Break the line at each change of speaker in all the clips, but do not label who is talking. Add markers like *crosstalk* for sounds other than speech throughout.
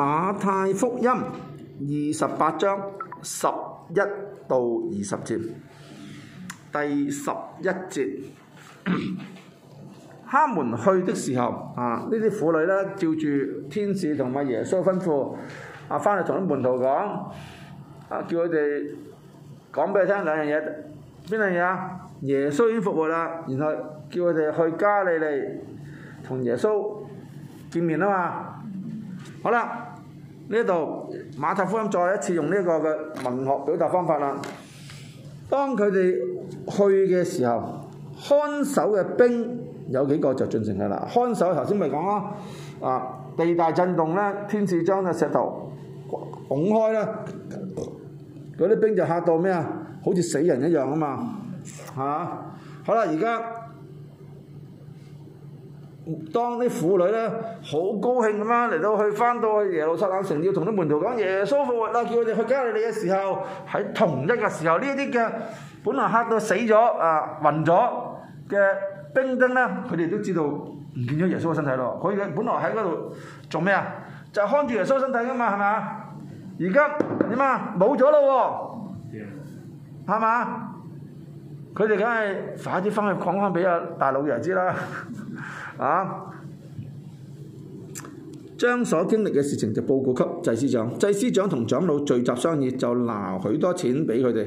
馬太福音二十八章十一到二十節，第十一節，他們 *coughs* 去的時候啊，婦呢啲婦女咧照住天使同埋耶穌吩咐啊，翻去同啲門徒講啊，叫佢哋講俾佢聽兩樣嘢，邊兩樣啊？耶穌已經復活啦，然後叫佢哋去加利利同耶穌見面啊嘛，好啦。呢一度，馬太福音再一次用呢個嘅文學表達方法啦。當佢哋去嘅時候，看守嘅兵有幾個就進城噶啦。看守，頭先咪講咯，啊地大震動呢，天使將嘅石頭拱開呢，嗰啲兵就嚇到咩啊？好似死人一樣啊嘛，係、啊、好啦，而家。當啲婦女咧好高興咁啊嚟，到去翻到去耶路撒冷城，要同啲門徒講耶穌復活啦，叫佢哋去加利利嘅時候，喺同一嘅時候，呢啲嘅本來嚇到死咗啊暈咗嘅兵丁咧，佢哋都知道唔見咗耶穌嘅身體咯。佢哋本來喺嗰度做咩啊？就看住耶穌身體噶嘛，係嘛？而家點啊？冇咗咯喎，係嘛？佢哋梗係快啲翻去講翻俾阿大老爺知啦。 *laughs* 啊！將所經歷嘅事情就報告給祭司長，祭司長同長老聚集商議，就拿許多錢俾佢哋。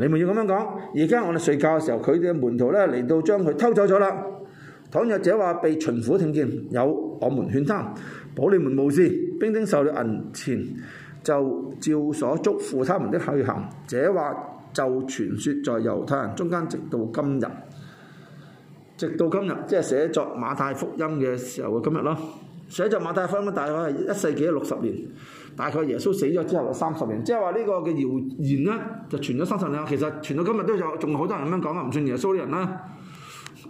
你咪要咁樣講。而家我哋睡覺嘅時候，佢哋嘅門徒呢嚟到將佢偷走咗啦。倘若這話被巡撫聽見，有我們勸他，保你們無事。兵丁受了銀錢，就照所囑咐他們的去行。這話就傳説在猶太人中間，直到今日。直到今日，即係寫作馬太福音嘅時候嘅今日咯，寫作馬太福音，大概係一世紀六十年，大概耶穌死咗之後三十年，即係話呢個嘅謠言咧，就傳咗三十年。其實傳到今日都有，仲好多人咁樣講啊，唔算耶穌啲人啦，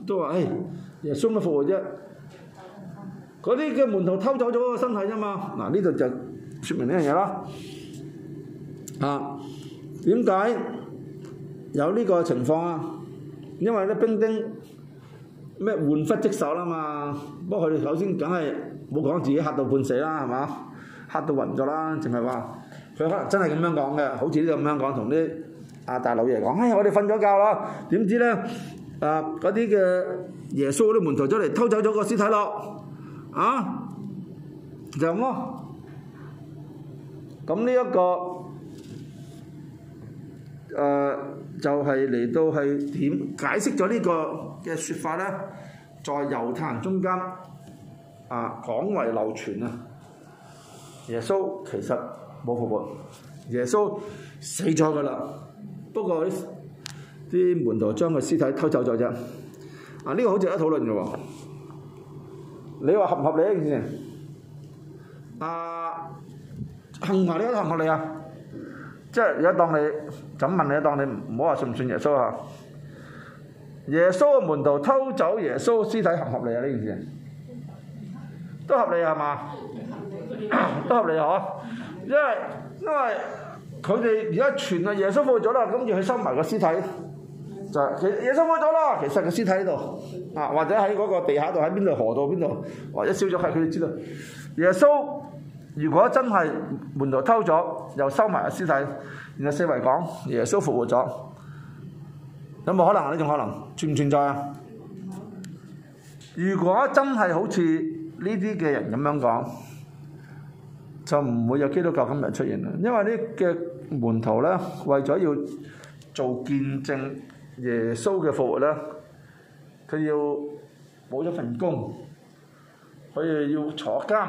都話誒、哎，耶穌咩復活啫？嗰啲嘅門徒偷走咗個身體啫嘛。嗱，呢度就説明呢樣嘢啦。啊，點解有呢個情況啊？因為咧，兵丁。咩玩忽職守啦嘛，不過佢哋首先梗係冇講自己嚇到半死啦，係嘛？嚇到暈咗啦，淨係話佢可能真係咁樣講嘅，好似啲咁樣講同啲阿大老爺講，唉、哎，我哋瞓咗覺咯，點知咧？啊，嗰啲嘅耶穌啲門徒出嚟偷走咗個屍體咯，啊，就咁咯、啊。咁呢一個。誒、呃、就係、是、嚟到係點解釋咗呢個嘅説法呢？在猶太人中間啊，廣為流傳，耶穌其實冇復活，耶穌死咗㗎喇，不過啲門徒將佢屍體偷走咗啫。啊呢、這個好值得討論嘅喎，你話合唔合理呢件事？啊，行埋呢個行唔合理啊？啊即係而家當你，噉問你，當你唔好話信唔信耶穌啊？耶穌嘅門徒偷走耶穌屍體合唔合理啊？呢件事都合理係嘛？都合理嗬、 *coughs* 啊，因為因為佢哋而家傳個耶穌冇咗啦，跟住佢收埋個屍體，就係耶耶穌冇咗啦。其實個屍體喺度啊，或者喺嗰個地下度，喺邊度河道邊度，或者燒咗係佢哋知道耶穌？如果真係門徒偷咗，又收埋屍體，然後四圍講耶穌復活咗，有冇可能？呢種可能存唔存在啊？如果真係好似呢啲嘅人咁樣講，就唔會有基督教今日出現啦。因為呢嘅門徒咧，為咗要做見證耶穌嘅復活咧，佢要補一份工，佢又要坐監。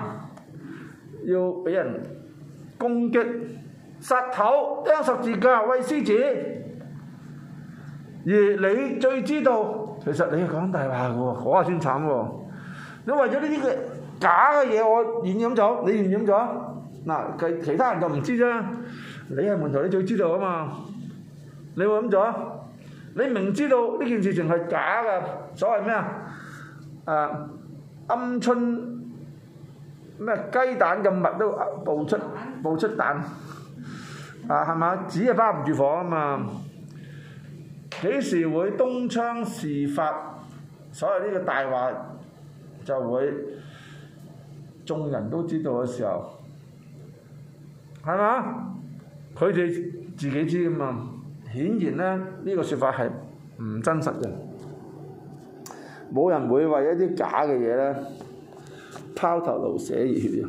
要俾人攻擊、殺頭、釘十字架、餵獅子，而你最知道。其實你講大話嘅喎，我啊先慘喎。你為咗呢啲嘅假嘅嘢，我願咁做，你願唔願做？嗱，其其他人就唔知啫。你係門徒，你最知道啊嘛。你會咁做？你明知道呢件事情係假嘅，所謂咩啊？誒，暗春。咩雞蛋咁密都爆出爆出蛋， *laughs* 啊，係嘛，紙係包唔住火啊嘛，幾時會東窗事發所謂？所有呢個大話就會眾人都知道嘅時候，係嘛？佢哋自己知㗎嘛？顯然呢，呢、呢個説法係唔真實嘅，冇人會為一啲假嘅嘢咧。拋頭露血熱血啊！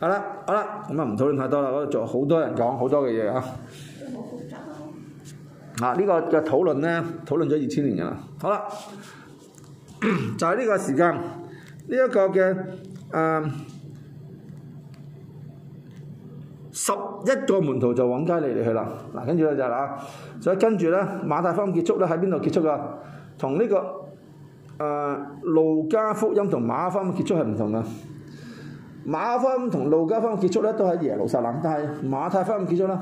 好啦，好啦，咁啊唔討論太多啦，嗰度仲有好多人講好多嘅嘢啊！啊，呢、這個嘅討論咧，討論咗二千年㗎啦。好啦，就係、是、呢個時間，呢、這、一個嘅誒十一個門徒就往加利利去啦。嗱、啊，跟住咧就係、是、啦，所以跟住咧馬太福音結束咧喺邊度結束㗎？同呢、這個。誒、呃、路加福音同馬可福音結束係唔同嘅，馬可福音同路加福音結束咧都喺耶路撒冷，但係馬太福音結束咧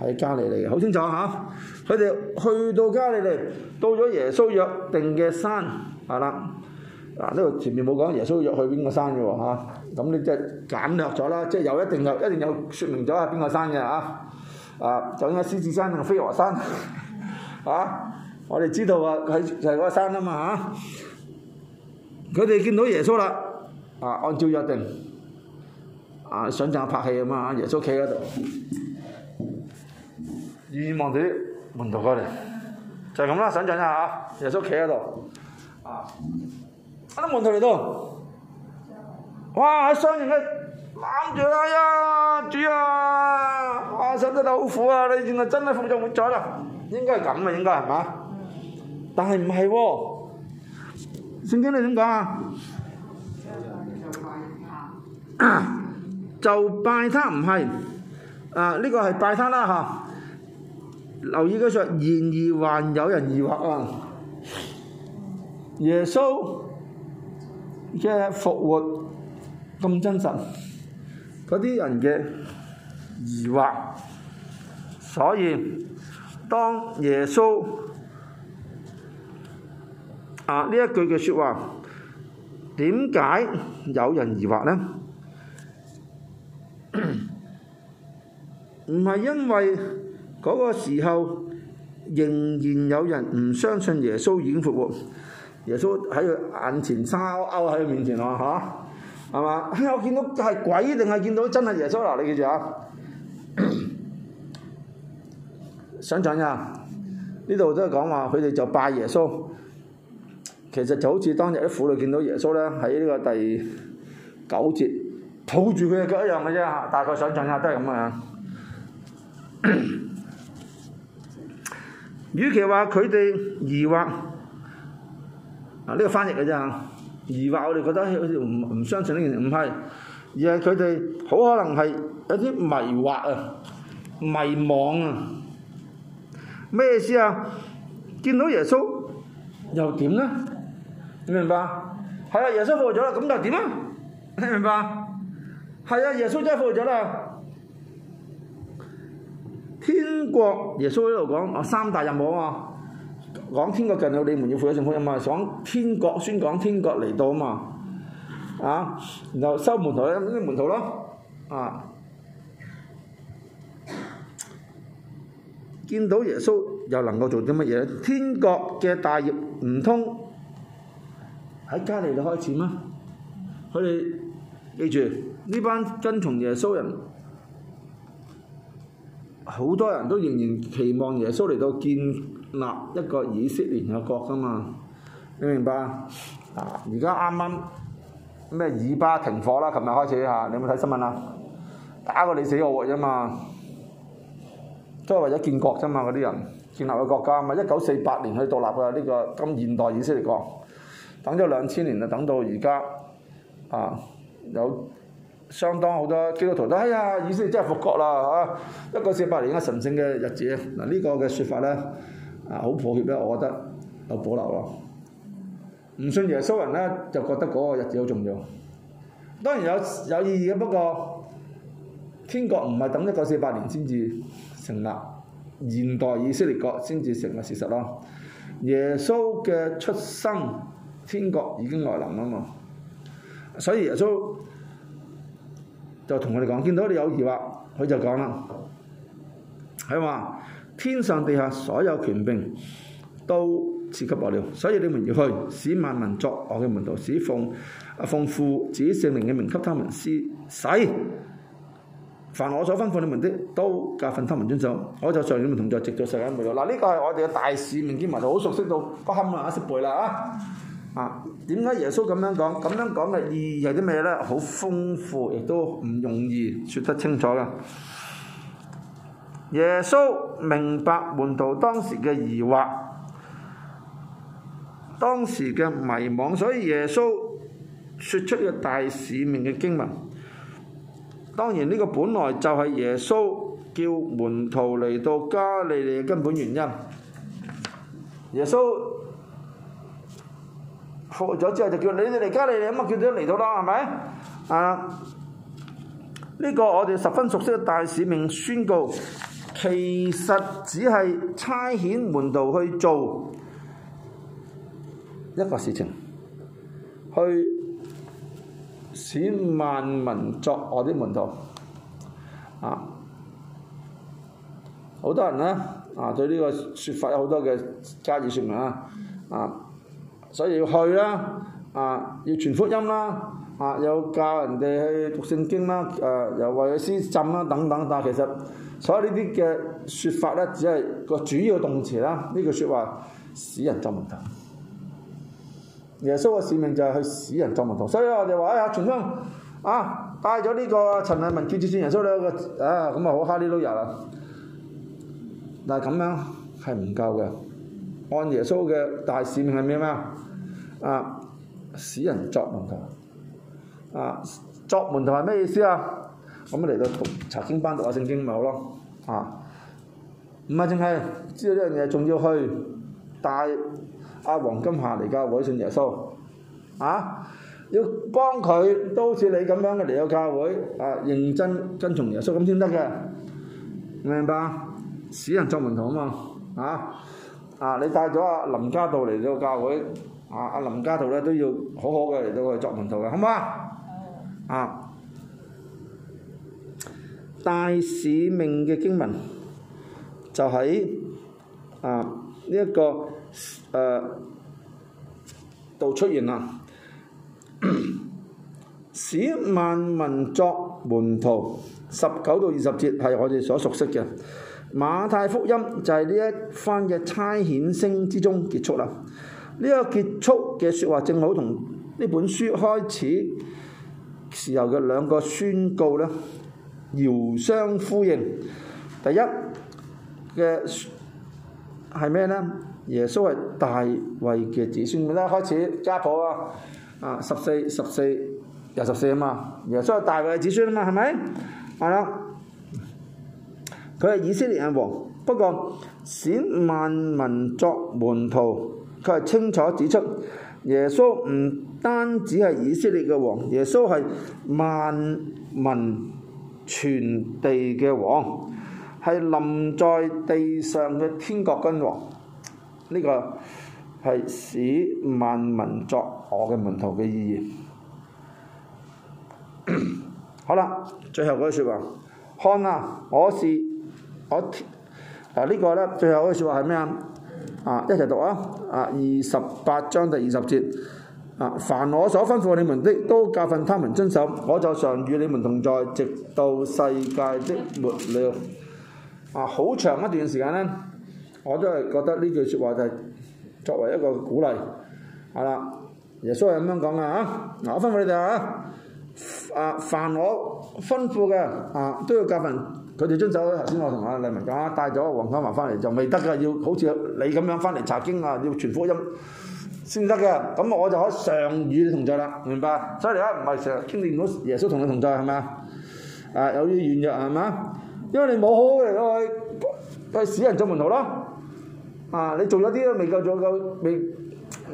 喺加利利，好清楚嚇。佢、啊、哋去到加利利，到咗耶穌約定嘅山，係、啊、啦。嗱呢度前面冇講耶穌約去邊個山嘅喎嚇，咁、啊、呢、啊啊、即係簡略咗啦，即係有一定有一定有説明咗係邊個山嘅啊。啊，就應該獅子山定飛鵝山，嚇、啊 *laughs* 啊。我哋知道啊，喺就係、是、嗰個山啊嘛嚇。啊。佢哋見到耶穌啦、啊，按照約定，啊，想像拍戲咁、就是、啊，耶穌企喺度，遠遠望住啲門徒過嚟，就係咁啦，想像一下啊，耶穌企喺度，啊，啲門徒嚟到，哇，雙人嘅攬住啦，呀、啊，主啊，哇，實在得好苦啊，你原來真係復咗活啦，應該係咁啊，應該係嘛，但係唔係喎。聖經你點講啊？就拜他唔係，啊呢個係拜他啦吓。留意嗰句，然而還有人疑惑啊！耶穌嘅復活咁真實，嗰啲人嘅疑惑，所以當耶穌。啊！呢一句嘅説話，點解有人疑惑呢？唔係 *coughs* 因為嗰個時候仍然有人唔相信耶穌已經復活，耶穌喺佢眼前生勾勾喺佢面前，係、啊、嘛？係嘛、哎？我見到係鬼定係見到真係耶穌啊！你記住啊！想像一下啊！呢 *coughs* 度都係講話佢哋就拜耶穌。其實就好似當日啲婦女見到耶穌咧，喺呢個第九節抱住佢嘅腳一樣嘅啫，大概想象下都係咁啊。與 *coughs* 其話佢哋疑惑，啊、這、呢個翻譯嘅啫，疑惑我哋覺得好似唔唔相信呢件事，唔係，而係佢哋好可能係一啲迷惑啊、迷惘啊，咩意思啊？見到耶穌又點咧？你明白？係啊，耶穌復活咗啦，咁就點啊？你明白？係啊，耶穌真係復活咗啦。天國耶穌喺度講，三大任務啊嘛，講天國近了，你們要復活成福音啊嘛，講天國先講天國嚟到啊嘛，啊，然後收門徒啦，呢啲門徒咯，啊，見到耶穌又能夠做啲乜嘢？天國嘅大業唔通？喺加利利開始嗎？佢哋記住呢班跟從耶穌人，好多人都仍然期望耶穌嚟到建立一個以色列嘅國㗎嘛？你明白？而家啱啱咩以巴停火啦？琴日開始嚇，你有冇睇新聞啊？打過你死我活啫嘛，都係為咗建國啫嘛。嗰啲人建立嘅國家，嘛，咪一九四八年佢獨立㗎呢個今現代以色列國。等咗兩千年啊，等到而家啊，有相當好多基督徒都哎呀，以色列真係復國啦嚇、啊！一九四八年嘅神聖嘅日子咧，嗱、啊這個、呢個嘅説法咧，啊好抱歉咧，我覺得有保留咯。唔信耶穌人咧就覺得嗰個日子好重要，當然有有意義嘅。不過天國唔係等一九四八年先至成立，現代以色列國先至成為事實咯。耶穌嘅出生。天國已經來臨啊嘛，所以耶穌就同我哋講，見到你有疑惑，佢就講啦，佢話天上地下所有權柄都賜給我了，所以你們要去，使萬民作我嘅門徒，使奉奉父子聖靈嘅名給他們施洗。凡我所吩咐你們的，都教訓他們遵守。我就上你們同在，直到世界末日。嗱，呢個係我哋嘅大使命，基督徒好熟悉到不堪啊，識背啦啊！啊，點解耶穌咁樣講？咁樣講嘅意義係啲咩咧？好豐富，亦都唔容易説得清楚嘅。耶穌明白門徒當時嘅疑惑，當時嘅迷惘，所以耶穌説出咗大使命嘅經文。當然呢個本來就係耶穌叫門徒嚟到加利利嘅根本原因。耶穌。復活咗之後就叫你哋嚟加你哋，咁啊叫你都嚟到啦係咪？啊，呢個我哋十分熟悉嘅大使命宣告，其實只係差遣門徒去做一個事情，去使萬民作我啲門徒。啊，好多人咧啊，對呢個説法有好多嘅加以說明啊啊！所以要去啦，啊、呃，要傳福音啦，啊、呃，又教人哋去讀聖經啦，誒、呃，又為佢施浸啦等等。但係其實所有呢啲嘅説法咧，只係個主要動詞啦。呢句説話使人造門徒。耶穌嘅使命就係去使人造門徒。所以我就話：哎呀，重、啊、新啊，帶咗呢個陳禮文叫住算耶穌啦，啊，咁啊好哈利路亞啊！但係咁樣係唔夠嘅。按耶穌嘅大使命係咩咩啊？啊！使人作門徒，啊！作門徒係咩意思啊？咁、嗯、嚟到讀查經班讀下聖經咪、就是、好咯，啊！唔係淨係知道呢樣嘢，仲要去帶阿、啊、黃金霞嚟教會信耶穌，啊！要幫佢都似你咁樣嘅嚟到教會，啊，認真跟從耶穌咁先得嘅，明白？使人作門徒啊嘛，啊！啊，你帶咗阿林家道嚟到教會。啊！阿林家道咧都要好好嘅嚟到嚟作門徒嘅，好唔好啊？嗯、啊！大使命嘅經文就喺啊呢一、這個誒度、啊、出現啦。使萬民作門徒，十九到二十節係我哋所熟悉嘅。馬太福音就係呢一番嘅差遣聲之中結束啦。呢一個結束嘅説話，正好同呢本書開始時候嘅兩個宣告咧，遙相呼應。第一嘅係咩咧？耶穌係大衛嘅子孫。而家開始家譜啊！啊，十四十四又十四啊嘛，耶穌係大衛嘅子孫啊嘛，係咪？係啦。佢係以色列人王，不過選萬民作門徒。佢係清楚指出，耶穌唔單止係以色列嘅王，耶穌係萬民全地嘅王，係臨在地上嘅天國君王。呢、這個係使萬民作我嘅門徒嘅意義。 *coughs* 好啦，最後嗰句説話，看啊，我是我。嗱，呢個咧最後嗰句説話係咩啊？啊，一齊讀啊！啊，二十八章第二十節啊，凡我所吩咐你們的，都教訓他們遵守。我就常與你們同在，直到世界的末了。啊，好長一段時間呢，我都係覺得呢句説話就係作為一個鼓勵，係啦。耶穌係咁樣講嘅嚇，嗱、啊，我吩咐你哋嚇，啊，凡我吩咐嘅啊，都要教訓佢哋遵守咧，頭先我同阿黎文講，帶咗黃嘉華翻嚟就未得嘅，要好似你咁樣翻嚟查經啊，要傳福音先得嘅。咁我就可常與你同在啦。明白？犀利啦，唔係成日經歷到耶穌同你同在係咪啊？啊，有啲軟弱係嘛？因為你冇好好去去使人做門徒咯。啊，你做咗啲都未夠，做夠，未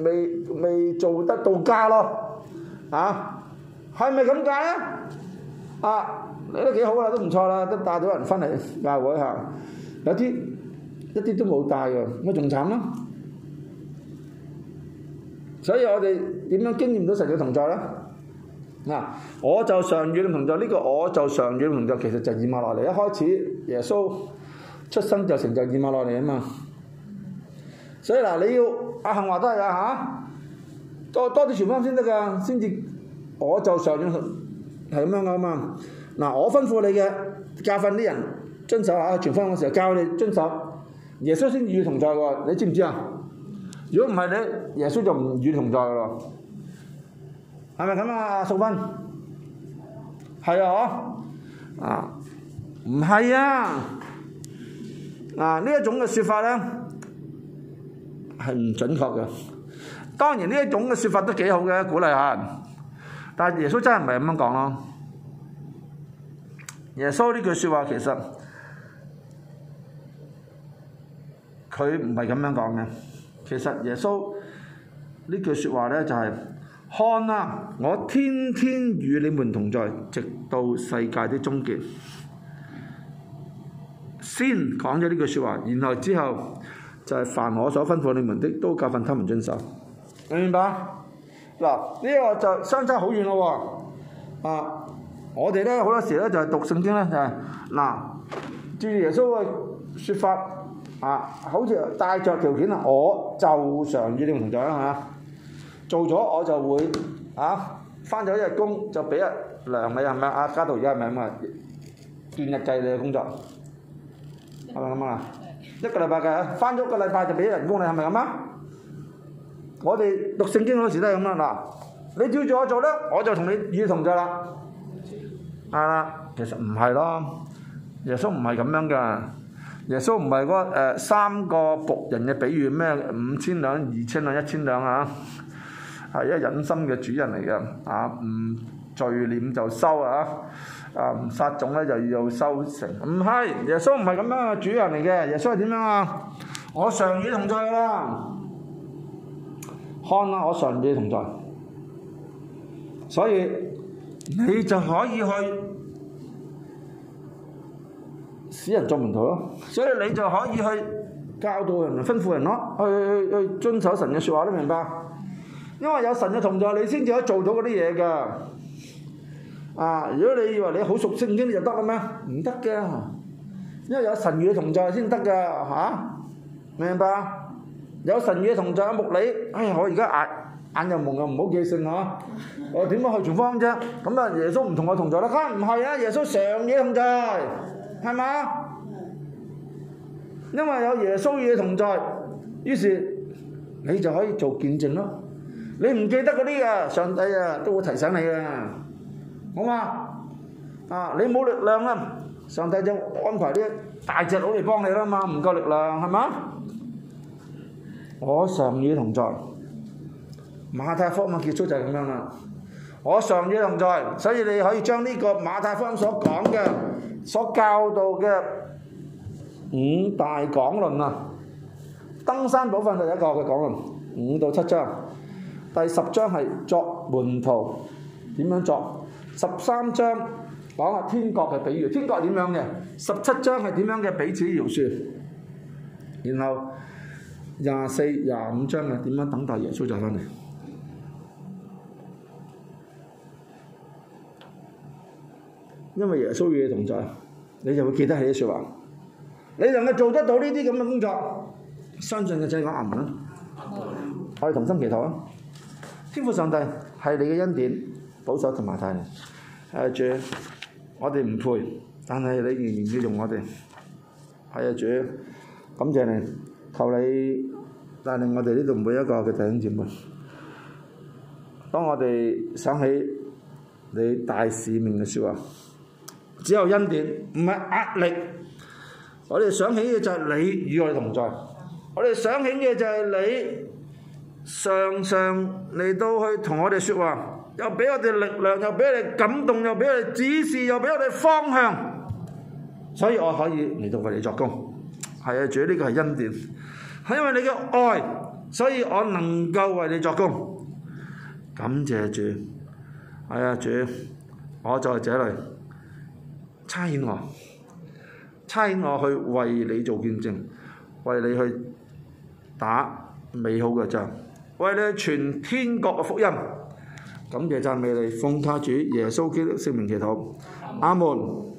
未未做得到家咯。啊，係咪咁解啊？啊！都幾好啦，都唔錯啦，都帶到人翻嚟教會下。有啲一啲都冇帶嘅，咁咪仲慘咯。所以我哋點樣經驗到神嘅同在咧？嗱、啊，我就常與你同在呢、這個，我就常與你同在，其實就以馬內利。一開始耶穌出生就成就以馬內利啊嘛。所以嗱，你要阿恆話都係啊嚇，多多啲傳福音先得噶，先至我就常與你係咁樣嘅嘛。啊嗱，我吩咐你嘅教訓啲人遵守啊，傳福音嘅時候教你遵守，耶穌先與同在喎，你知唔知啊？如果唔係咧，耶穌就唔與同在咯，係咪咁啊？阿素芬，係啊，嗬，啊，唔係啊，啊呢一種嘅説法呢，係唔準確嘅。當然呢一種嘅説法都幾好嘅，鼓勵下。但耶穌真係唔係咁樣講咯。耶穌呢句説話其實佢唔係咁樣講嘅，其實耶穌呢句説話咧就係、是、看啊，我天天與你們同在，直到世界的終結，先講咗呢句説話，然後之後就係凡我所吩咐你們的，都教訓他們遵守。明白？嗱、這、呢個就相差好遠咯喎，啊！我哋咧好多時咧就係讀聖經咧就係、是、嗱，照耶穌嘅説法啊，好似帶着條件我就常與你同在、啊、做咗我就會啊，翻咗一日工就俾日糧你係咪啊？家道而家係咪咁啊，半日計你嘅工作係咪咁樣啊？一個禮拜計返咗一個禮拜就俾一日工你係咪咁啊？我哋讀聖經嗰時都係咁啊，你照住我做咧，我就同你與你同在啦。係啦，其實唔係咯，耶穌唔係咁樣噶，耶穌唔係嗰三個僕人嘅比喻咩？五千兩、二千兩、一千兩啊，係一個忍心嘅主人嚟嘅。啊，唔聚斂就收啊，啊唔撒種咧就要收成，唔係。耶穌唔係咁樣嘅主人嚟嘅，耶穌係點樣啊？我常與同在啦，看啦、啊，我常與同在，所以。你就可以去使人作門徒咯，所以你就可以去教導人、吩咐人咯，去去遵守神嘅説話咯，明白？因為有神嘅同在，你先至可以做到嗰啲嘢噶。啊！如果你以為你好熟悉已經，你就得啦咩？唔得嘅，因為有神與你同在先得噶嚇，明白？有神與你同在，牧裏，哎呀，我而家捱。眼又蒙又唔好記性啊！我點樣去前方啫？咁啊，耶穌唔同我同在啦，梗係唔係啊，耶穌常與你同在，係嘛？因為有耶穌與你同在，於是你就可以做見證咯。你唔記得嗰啲啊，上帝啊，都會提醒你啊。好嘛？啊，你冇力量啊，上帝就安排啲大隻佬嚟幫你啦嘛，唔夠力量係嘛？我常與你同在。馬太福音結束就係咁樣啦。我上野同在，所以你可以將呢個馬太福音所講嘅、所教導嘅五大講論啊，登山寶訓就一個嘅講論，五到七章。第十章係作門徒，點樣作？十三章講下天國嘅比喻，天國係點樣嘅？十七章係點樣嘅彼此饒恕？然後廿四、廿五章係，點樣等待耶穌就翻嚟？因為日日做你嘅動作你就會記得係啲説話。你能夠做得到呢啲咁嘅工作，相信嘅真係阿們！嗯、我哋同心祈禱啊！天父上帝係你嘅恩典，保守同埋帶領。阿、啊、主，我哋唔配，但係你仍然要用我哋。係阿、啊、主，感謝你，求你帶領我哋呢度每一個嘅弟兄姊妹。當我哋想起你大使命嘅説話。只有恩典，唔係壓力。我哋想起嘅就係你與我哋同在，我哋想起嘅就係你常常嚟到去同我哋說話，又俾我哋力量，又俾我哋感動，又俾我哋指示，又俾我哋方向，所以我可以嚟到為你作工。係啊，主，呢個係恩典，係因為你嘅愛，所以我能夠為你作工。感謝主，係啊，主，我在這裡。差遣我，差遣我去為你做見證，為你去打美好嘅仗，為你傳天國嘅福音，感謝讚美你，奉他主耶穌基督聖名祈禱，阿門。阿